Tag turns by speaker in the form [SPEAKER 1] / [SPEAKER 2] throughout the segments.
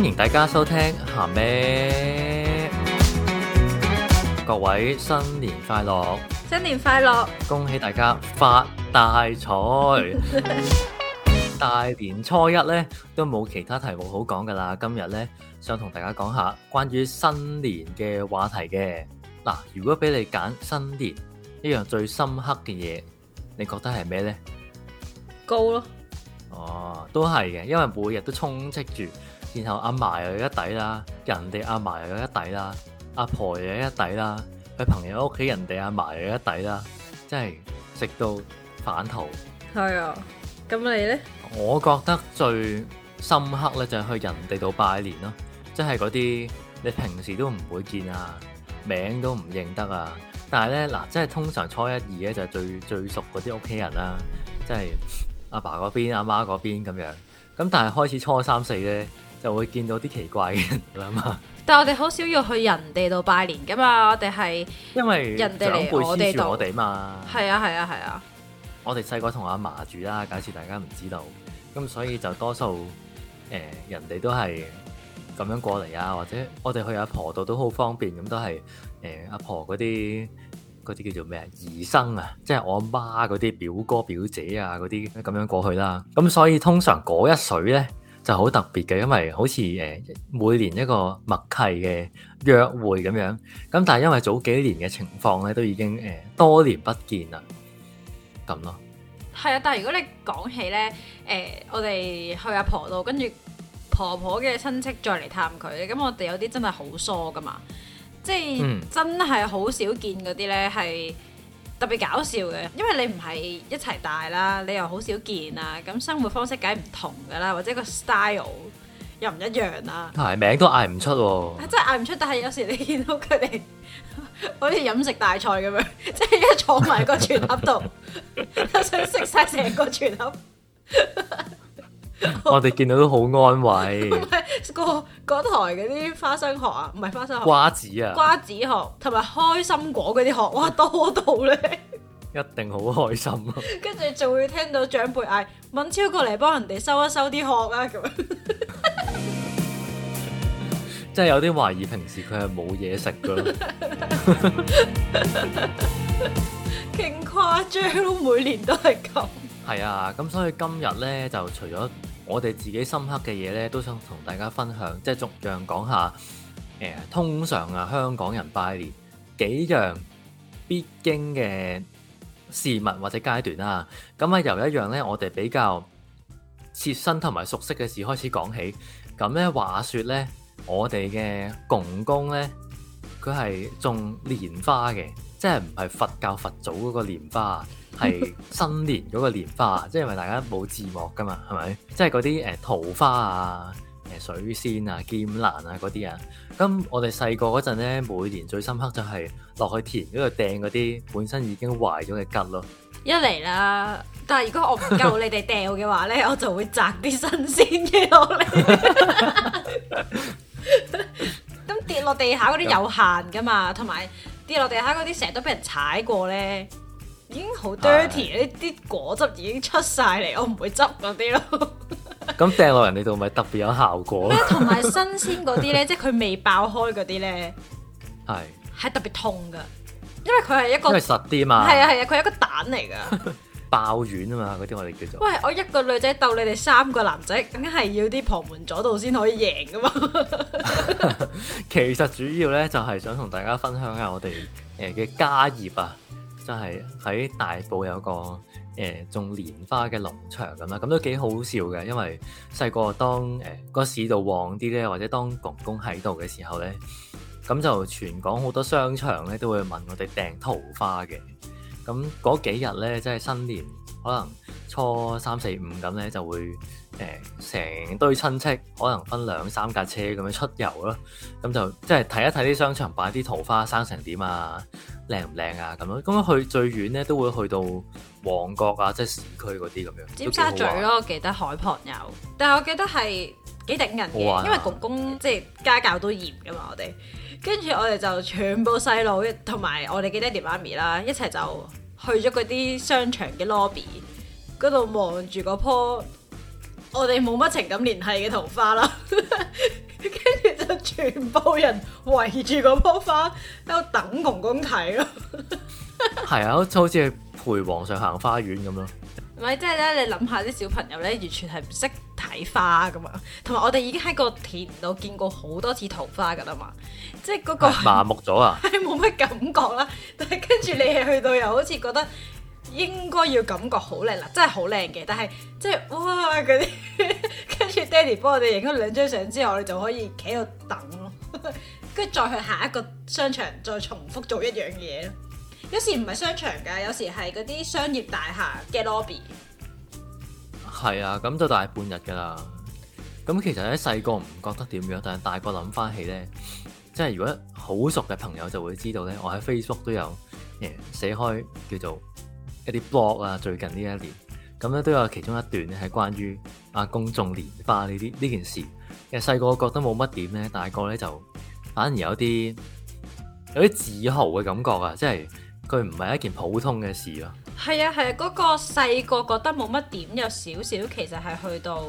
[SPEAKER 1] 歡迎大家收聽咸咩？各位新年快樂！
[SPEAKER 2] 新年快樂！快
[SPEAKER 1] 樂，恭喜大家發大財！ 大年初一咧都冇其他題目好講噶啦。今日咧想同大家講下關於新年嘅話題嘅。嗱、啊，如果俾你揀新年一樣最深刻嘅嘢，你覺得係咩呢？
[SPEAKER 2] 高咯了。
[SPEAKER 1] 哦、啊，都係嘅，因為每日都充斥住。然後阿嫲又有一底啦，人哋阿嫲又有一底啦，阿婆又有一底啦，佢朋友屋企人哋阿嫲又有一底啦，真係食到反肚。
[SPEAKER 2] 係啊、哦，咁你呢？
[SPEAKER 1] 我覺得最深刻咧就係去人哋度拜年咯，即係嗰啲你平時都唔會見啊，名都唔認得啊。但係呢，嗱，即係通常初一二咧就係最最熟嗰啲屋企人啦，即係阿爸嗰邊、阿媽嗰邊咁樣。咁但係開始初三四呢，就會見到啲奇怪嘅人啦嘛，想想
[SPEAKER 2] 但係我哋好少要去人哋度拜年噶嘛，我哋係
[SPEAKER 1] 因為人哋嚟長輩我哋度，我哋嘛，係
[SPEAKER 2] 啊係啊係啊。啊啊
[SPEAKER 1] 我哋細個同阿嫲住啦，假設大家唔知道，咁所以就多數誒、呃、人哋都係咁樣過嚟啊，或者我哋去阿婆度都好方便，咁都係誒、呃、阿婆嗰啲嗰啲叫做咩啊姨甥啊，即係我阿媽嗰啲表哥表姐啊嗰啲咁樣過去啦，咁所以通常嗰一水咧。就好特別嘅，因為好似誒每年一個默契嘅約會咁樣，咁但係因為早幾年嘅情況咧，都已經誒多年不見啦，咁咯。
[SPEAKER 2] 係啊、嗯，但係如果你講起咧，誒我哋去阿婆度，跟住婆婆嘅親戚再嚟探佢，咁我哋有啲真係好疏㗎嘛，即係真係好少見嗰啲咧係。特別搞笑嘅，因為你唔係一齊大啦，你又好少見啊，咁生活方式梗係唔同㗎啦，或者個 style 又唔一樣啦。
[SPEAKER 1] 啊，名都嗌唔出喎。喔
[SPEAKER 2] 啊，真係嗌唔出。但係有時你見到佢哋 好似飲食大賽咁樣，即係一坐埋個全盒度， 想食晒成個全盒。
[SPEAKER 1] 好我哋見到都好安慰 ，
[SPEAKER 2] 個嗰台嗰啲花生殼啊，唔係花生殼，瓜子啊，瓜子殼同埋開心果嗰啲殼，哇多到咧，一
[SPEAKER 1] 定好開心啊！
[SPEAKER 2] 跟住仲會聽到長輩嗌，敏超過嚟幫人哋收一收啲殼啊！咁樣，即
[SPEAKER 1] 係有啲懷疑平時佢係冇嘢食噶啦，
[SPEAKER 2] 勁誇張，每年都係咁。
[SPEAKER 1] 係啊， 咁、yeah，所以今日咧就除咗。我哋自己深刻嘅嘢咧，都想同大家分享，即係逐樣講下。誒、呃，通常啊，香港人拜年幾樣必經嘅事物或者階段啦、啊。咁、嗯、啊，由一樣咧，我哋比較切身同埋熟悉嘅事開始講起。咁、嗯、咧，話說咧，我哋嘅公公咧，佢係種蓮花嘅。即係唔係佛教佛祖嗰個蓮花，係新年嗰個蓮花，即係因為大家冇字幕噶嘛，係咪？即係嗰啲誒桃花啊、誒水仙啊、劍蘭啊嗰啲啊。咁我哋細個嗰陣咧，每年最深刻就係落去田嗰度掟嗰啲本身已經壞咗嘅桔咯。
[SPEAKER 2] 一嚟啦，但係如果我唔夠你哋掟嘅話咧， 我就會摘啲新鮮嘅落嚟。咁 跌落地下嗰啲有限噶嘛，同埋。跌落地下嗰啲成日都俾人踩過咧，已經好 dirty。呢啲的果汁已經出晒嚟，我唔會執嗰啲咯。
[SPEAKER 1] 咁掟落人哋度，咪特別有效果咯。同埋
[SPEAKER 2] 新鮮嗰啲咧， 即係佢未爆開嗰啲咧，係係的特別痛噶，因為佢係一個因為實
[SPEAKER 1] 啲嘛，係啊係
[SPEAKER 2] 啊，佢係一個蛋嚟噶。
[SPEAKER 1] 爆丸啊嘛，嗰啲我哋叫做。
[SPEAKER 2] 喂，我一個女仔鬥你哋三個男仔，梗係要啲旁門左道先可以贏噶嘛。
[SPEAKER 1] 其實主要呢，就係、是、想同大家分享下我哋誒嘅家業啊，就係、是、喺大埔有個誒、欸、種蓮花嘅農場咁啦，咁都幾好笑嘅。因為細個當誒、欸嗰個市道旺啲呢，或者當公公喺度嘅時候呢，咁就全港好多商場呢都會問我哋訂桃花嘅。咁嗰幾日咧，即係新年可能初三四五咁咧，就會誒成、呃、堆親戚，可能分兩三架車咁樣出遊咯。咁就即係睇一睇啲商場擺啲桃花生成點啊，靚唔靚啊咁咯。咁去最遠咧都會去到旺角啊，即係市區嗰啲咁樣。尖沙咀咯，我
[SPEAKER 2] 記得海旁有，但係我記得係。幾頂人嘅，啊、因為公公即係家教都嚴噶嘛，我哋跟住我哋就全部細佬同埋我哋嘅爹哋媽咪啦，一齊就去咗嗰啲商場嘅 lobby 嗰度望住嗰棵我哋冇乜情感聯繫嘅桃花啦，跟 住就全部人圍住嗰棵花喺度等公公睇咯，
[SPEAKER 1] 係啊對，就 好似陪皇上行花園咁樣。
[SPEAKER 2] 唔係，即係咧，你諗下啲小朋友咧，完全係唔識。睇花咁啊，同埋我哋已經喺個田度見過好多次桃花噶啦嘛，即係嗰個麻木咗啊，冇乜感覺啦。但係跟住你去到又好似覺得應該要感覺好靚啦，真係好靚嘅。但係即係哇嗰啲， 跟住爹 a d 幫我哋影咗兩張相之後，我哋就可以企喺度等咯。跟 住再去下一個商場，再重複做一樣嘢。有時唔係商場噶，有時係嗰啲商業大廈嘅 lobby。
[SPEAKER 1] 係啊，咁都大半日噶啦。咁其實咧細個唔覺得點樣，但係大個諗翻起咧，即係如果好熟嘅朋友就會知道咧，我喺 Facebook 都有寫開叫做一啲 blog 啊。最近呢一年，咁咧都有其中一段咧係關於啊公眾年化呢啲呢件事。其實細個覺得冇乜點咧，大個咧就反而有啲有啲自豪嘅感覺啊！即係佢唔係一件普通嘅事咯。
[SPEAKER 2] 係啊係啊，嗰、啊那個細個覺得冇乜點，有少少其實係去到，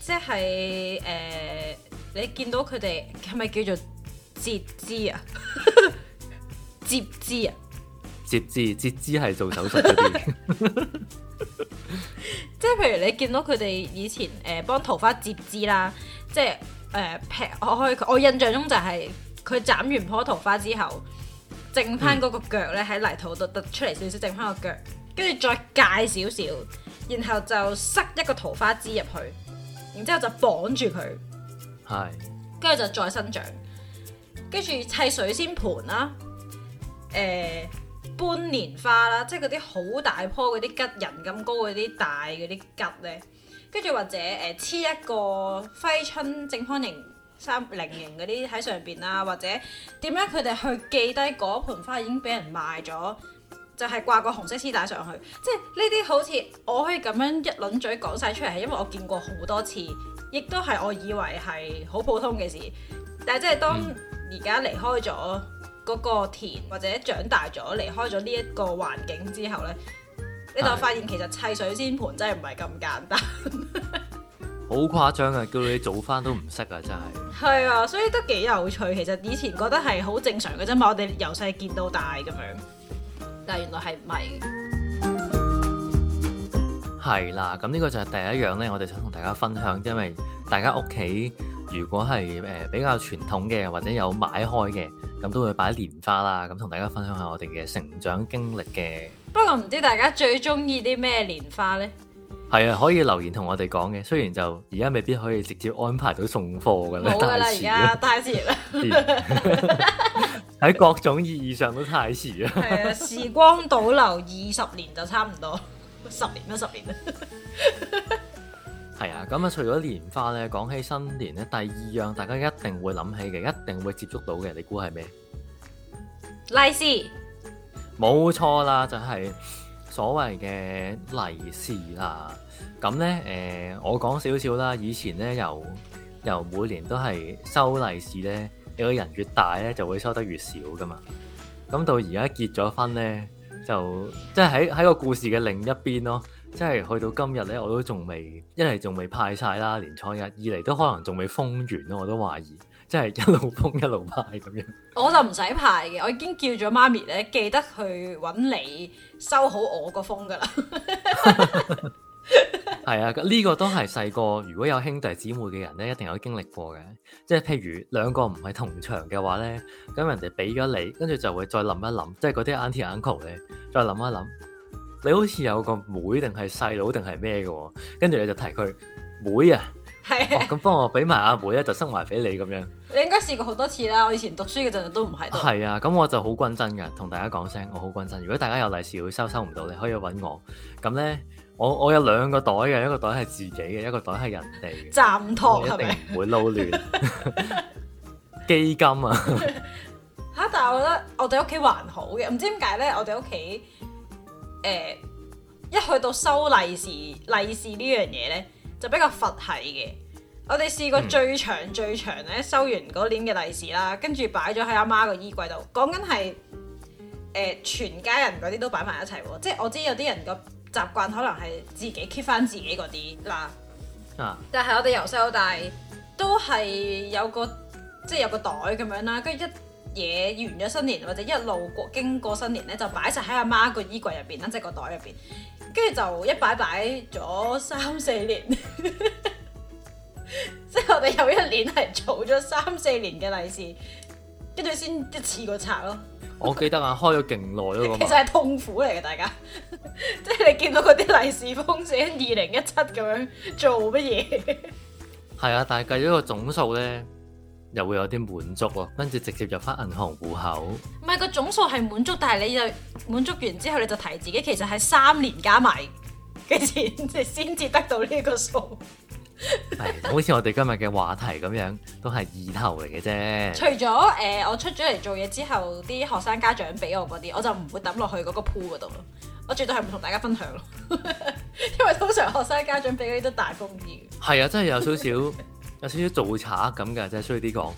[SPEAKER 2] 即係誒、呃，你見到佢哋係咪叫做截肢啊？ 截肢啊！
[SPEAKER 1] 截肢截肢係做手術嘅，即
[SPEAKER 2] 係譬如你見到佢哋以前誒幫、呃、桃花截肢啦，即係誒、呃、劈，我可以我印象中就係佢斬完棵桃花之後。淨翻嗰個腳咧，喺泥土度突出嚟少少，淨翻個腳，跟住再介少少，然後就塞一個桃花枝入去，然之後就綁住佢，
[SPEAKER 1] 係，
[SPEAKER 2] 跟住就再生長，跟住砌水仙盆啦，誒、呃，搬蓮花啦，即係嗰啲好大棵嗰啲桔，人咁高嗰啲大嗰啲桔咧，跟住或者誒黐、呃、一個揮春正方形。三零型嗰啲喺上邊啊，或者點樣佢哋去記低嗰盆花已經俾人賣咗，就係、是、掛個紅色絲帶上去。即係呢啲好似我可以咁樣一輪嘴講晒出嚟，係因為我見過好多次，亦都係我以為係好普通嘅事。但係即係當而家離開咗嗰個田或者長大咗，離開咗呢一個環境之後呢，
[SPEAKER 1] 你就的發
[SPEAKER 2] 現其實砌水仙盆真係唔係咁簡單。
[SPEAKER 1] 好誇張啊！叫你早翻都唔識啊，真係。
[SPEAKER 2] 係啊，所以都幾有趣。其實以前覺得係好正常嘅啫嘛，我哋由細見到大咁樣，但原來係唔係？
[SPEAKER 1] 係啦、啊，咁呢個就係第一樣呢。我哋想同大家分享，因為大家屋企如果係誒比較傳統嘅，或者有買開嘅，咁都會擺蓮花啦。咁同大家分享下我哋嘅成長經歷嘅。
[SPEAKER 2] 不過唔知大家最中意啲咩蓮花呢？
[SPEAKER 1] 係啊，可以留言同我哋講嘅，雖然就而家未必可以直接安排到送貨噶啦，好啊啦，而家太遲啦，喺各種意義上都太遲啊。係
[SPEAKER 2] 啊，時光倒流二十年就差唔多，十 年咩十年啊？
[SPEAKER 1] 係 啊，咁啊，除咗年花咧，講起新年咧，第二樣大家一定會諗起嘅，一定會接觸到嘅，你估係咩？
[SPEAKER 2] 利是，
[SPEAKER 1] 冇錯啦，就係、是。所謂嘅利是啦，咁呢，誒、呃，我講少少啦。以前呢，由由每年都係收利是呢，你個人越大呢就會收得越少㗎嘛。咁到而家結咗婚呢，就即係喺喺個故事嘅另一邊咯。即係去到今日咧，我都仲未一嚟仲未派晒啦，年初一；二嚟都可能仲未封完咯，我都懷疑。即係一路封一路派咁樣。
[SPEAKER 2] 我就唔使派嘅，我已經叫咗媽咪咧，記得去揾你收好我個封噶啦。
[SPEAKER 1] 係 啊，呢、呢個都係細個如果有兄弟姊妹嘅人咧，一定有經歷過嘅。即係譬如兩個唔係同場嘅話咧，咁人哋俾咗你，跟住就會再諗一諗，即係嗰啲 aunty uncle 咧，再諗一諗。你好似有個妹定係細佬定係咩嘅？跟住、哦、你就提佢妹啊，係啊，咁幫我俾埋阿妹咧，就收埋俾你咁樣。
[SPEAKER 2] 你應該試過好多次啦，我以前讀書嗰陣都唔係。
[SPEAKER 1] 係啊，咁我就好均真嘅，同大家講聲，我好均真。如果大家有利是會收收唔到，你可以揾我。咁咧，我我有兩個袋嘅，一個袋係自己嘅，一個袋係人哋。嘅託。
[SPEAKER 2] 暫託，肯定唔
[SPEAKER 1] 會撈亂基金啊！
[SPEAKER 2] 吓， 但係我覺得我哋屋企還好嘅，唔知點解咧，我哋屋企。誒、呃，一去到收利是，利是呢樣嘢呢，就比較佛系嘅。我哋試過最長最長呢，收完嗰年嘅利是啦，跟住擺咗喺阿媽個衣櫃度。講緊係全家人嗰啲都擺埋一齊喎、啊。即係我知有啲人個習慣可能係自己 keep 翻，自己嗰啲嗱，
[SPEAKER 1] 啊、
[SPEAKER 2] 但係我哋由細到大都係有個即係有個袋咁樣啦，跟住一。嘢完咗新年或者一路過經過新年咧，就擺晒喺阿媽個衣櫃入邊啦，即係個袋入邊，跟住就一擺擺咗三四年， 即係我哋有一年係做咗三四年嘅利是，跟住先一次過拆咯。
[SPEAKER 1] 我記得啊，開咗勁耐咯， 其實
[SPEAKER 2] 係痛苦嚟嘅，大家， 即係你見到嗰啲利是封寫二零一七咁樣做乜嘢？
[SPEAKER 1] 係 啊，但係計咗個總數咧。又會有啲滿足咯，跟住直接入翻銀行戶口。
[SPEAKER 2] 唔係、個總數係滿足，但係你就滿足完之後，你就提自己其實係三年加埋嘅錢，先至得到呢個數。
[SPEAKER 1] 係、 哎，好似我哋今日嘅話題咁樣，都係意頭嚟嘅啫。除
[SPEAKER 2] 咗誒、呃，我出咗嚟做嘢之後，啲學生家長俾我嗰啲，我就唔會抌落去嗰個 pool 嗰度咯。我絕對係唔同大家分享， 因為通常學生家長俾嗰啲都大封啲。
[SPEAKER 1] 係啊，真係有少少。 有少少做賊咁嘅，即係衰啲講，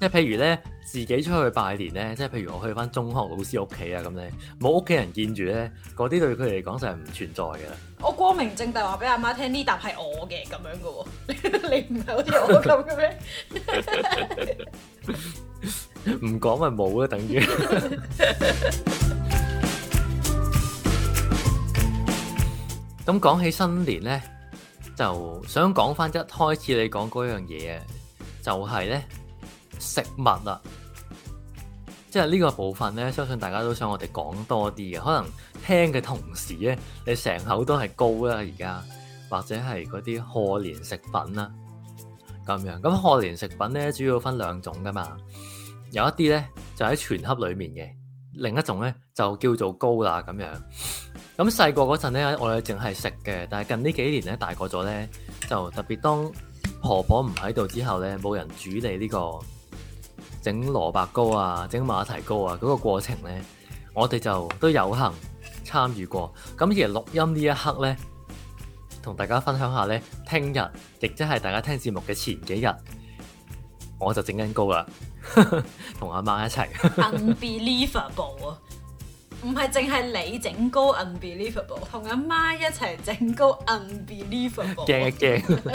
[SPEAKER 1] 即係譬如咧，自己出去拜年咧，即係譬如我去翻中學老師屋企啊，咁咧冇屋企人見住咧，嗰啲對佢嚟講就係唔存在嘅啦。
[SPEAKER 2] 我光明正大話俾阿媽聽，呢沓係我嘅咁樣嘅喎、
[SPEAKER 1] 哦， 你唔係好似我咁嘅咩？唔講咪冇啊，等於。咁講起新年咧。就想講翻一開始你講嗰樣嘢就係咧，食物啦，即係呢個部分咧，相信大家都想我哋講多啲嘅。可能聽嘅同時咧，你成口都係高啦，而家，或者係嗰啲賀年食品啦咁樣。咁賀年食品咧，主要分兩種噶嘛，有一啲咧就喺全盒裡面嘅，另一種咧就叫做高啦咁樣。咁細個嗰陣咧，我哋淨係食嘅。但係近呢幾年咧，大個咗咧，就特別當婆婆唔喺度之後咧，冇人煮你呢、呢個整蘿蔔糕啊、整馬蹄糕啊嗰、嗰個過程咧，我哋就都有幸參與過。咁而錄音呢一刻咧，同大家分享下咧，聽日亦即係大家聽節目嘅前幾日，我就整緊糕啦，同 阿媽，媽一齊。
[SPEAKER 2] Unbelievable 啊！唔係淨係你整糕 unbelievable，同阿媽一齊整糕 unbelievable，驚一
[SPEAKER 1] 驚，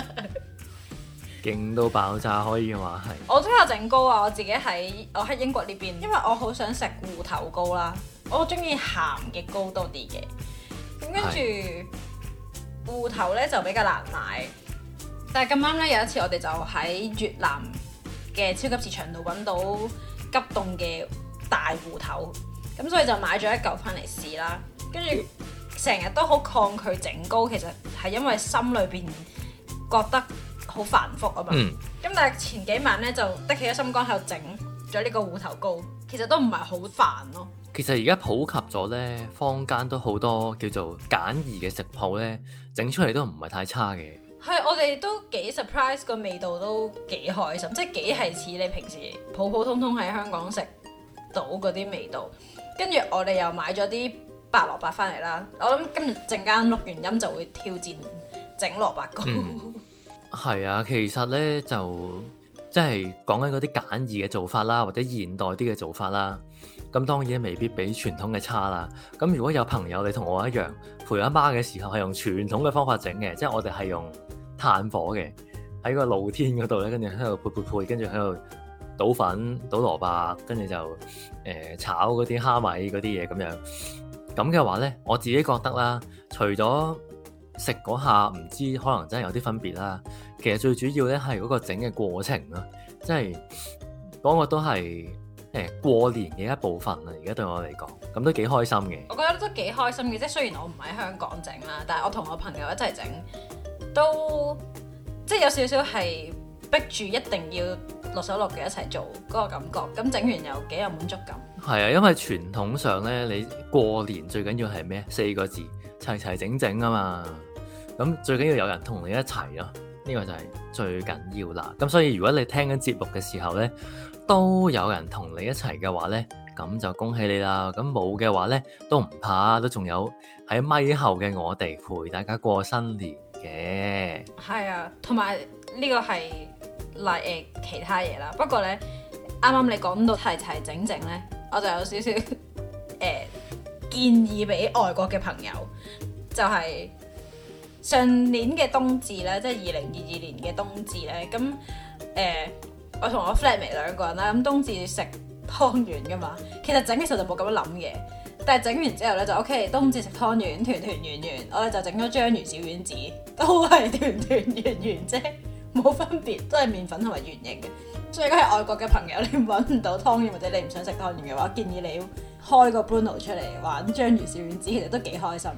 [SPEAKER 1] 勁到 爆炸可以話係。
[SPEAKER 2] 我都有整糕啊！我自己喺我喺英國呢邊，因為我好想食芋頭糕啦，我中意鹹嘅糕多啲嘅。咁跟住是芋頭咧就比較難買，但係咁啱咧有一次我哋就喺越南嘅超級市場度搵到急凍嘅大芋頭。咁所以就買咗一嚿翻嚟試啦，跟住成日都好抗拒整糕，其實係因為心裏邊覺得好繁複啊嘛。嗯。咁但係前幾晚呢，就得起咗心肝喺度整咗呢個芋頭糕，其實都唔係好煩咯。
[SPEAKER 1] 其實而家普及咗呢，坊間都好多叫做簡易嘅食譜呢，整出嚟都唔係太差嘅。
[SPEAKER 2] 係，我哋都幾 surprise 個味道都幾開心，即係幾係似你平時普普通通喺香港食到嗰啲味道。跟住我哋又買咗啲白蘿蔔翻嚟啦，我諗跟住陣間錄完音就會挑戰整蘿蔔糕。
[SPEAKER 1] 係、嗯、啊，其實呢就即係講緊嗰啲簡易嘅做法啦，或者現代啲嘅做法啦。咁當然未必比傳統嘅差啦。咁如果有朋友你同我一樣陪阿媽嘅時候係用傳統嘅方法整嘅，即係我哋係用炭火嘅，喺個露天嗰度呢。跟住喺度攪攪攪，跟住喺度。倒粉、倒蘿蔔，跟住就誒、呃、炒嗰啲蝦米嗰啲嘢咁樣。咁嘅話呢，我自己覺得啦，除咗食嗰下唔知可能真係有啲分別啦，其實最主要呢係嗰個整嘅過程啦，即係嗰個都係誒、呃、過年嘅一部分啦。而家對我嚟講，咁都幾開心嘅。
[SPEAKER 2] 我覺得都幾開心嘅，即係雖然我唔喺香港整啦，但係我同我朋友一齊整，都即係有少少係。逼住一定要落手落腳一齊做嗰個感覺，咁整完又幾有滿足感。
[SPEAKER 1] 係啊，因為傳統上咧，你過年最緊要係咩？四個字齊齊整整啊嘛。咁最緊要有人同你一齊咯，呢個就係最緊要啦。咁所以如果你聽緊節目嘅時候咧，都有人同你一齊嘅話咧，咁就恭喜你啦。咁冇嘅話咧，都唔怕，都仲有喺咪後嘅我哋陪大家過新年嘅。係
[SPEAKER 2] 啊，同埋呢個係。嗱其他嘢啦，不過咧，啱啱你講到齊齊整整咧，我就有少少誒建議俾外國嘅朋友，就係上年嘅冬至咧，即係二零二二年嘅冬至咧，咁誒，我同我 flatmate 兩個人啦，咁冬至食湯圓噶嘛，其實整嘅時候就冇咁樣諗嘅，但係整完之後咧就 OK，冬至食湯圓，團團圓圓，我哋就整咗章魚小丸子，都係團團圓圓啫。冇分別，都係麵粉同埋圓形嘅。所以如果係外國嘅朋友，你揾唔到湯圓或者你唔想食湯圓嘅話，建議你開個 BRUNO 出嚟玩章魚小丸子，其實都幾開心，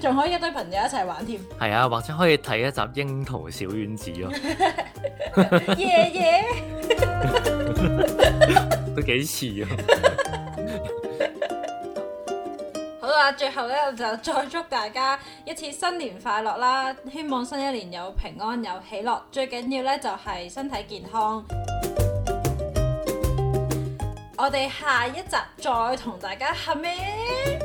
[SPEAKER 2] 仲 可以一堆朋友一齊玩
[SPEAKER 1] 添。係啊，或者可以睇一集《櫻桃小丸子》咯。爺爺都幾似像啊！
[SPEAKER 2] 最後咧，我就再祝大家一次新年快樂啦！希望新一年有平安，有喜樂，最緊要咧就係、是、身體健康。 我哋下一集再同大家合面。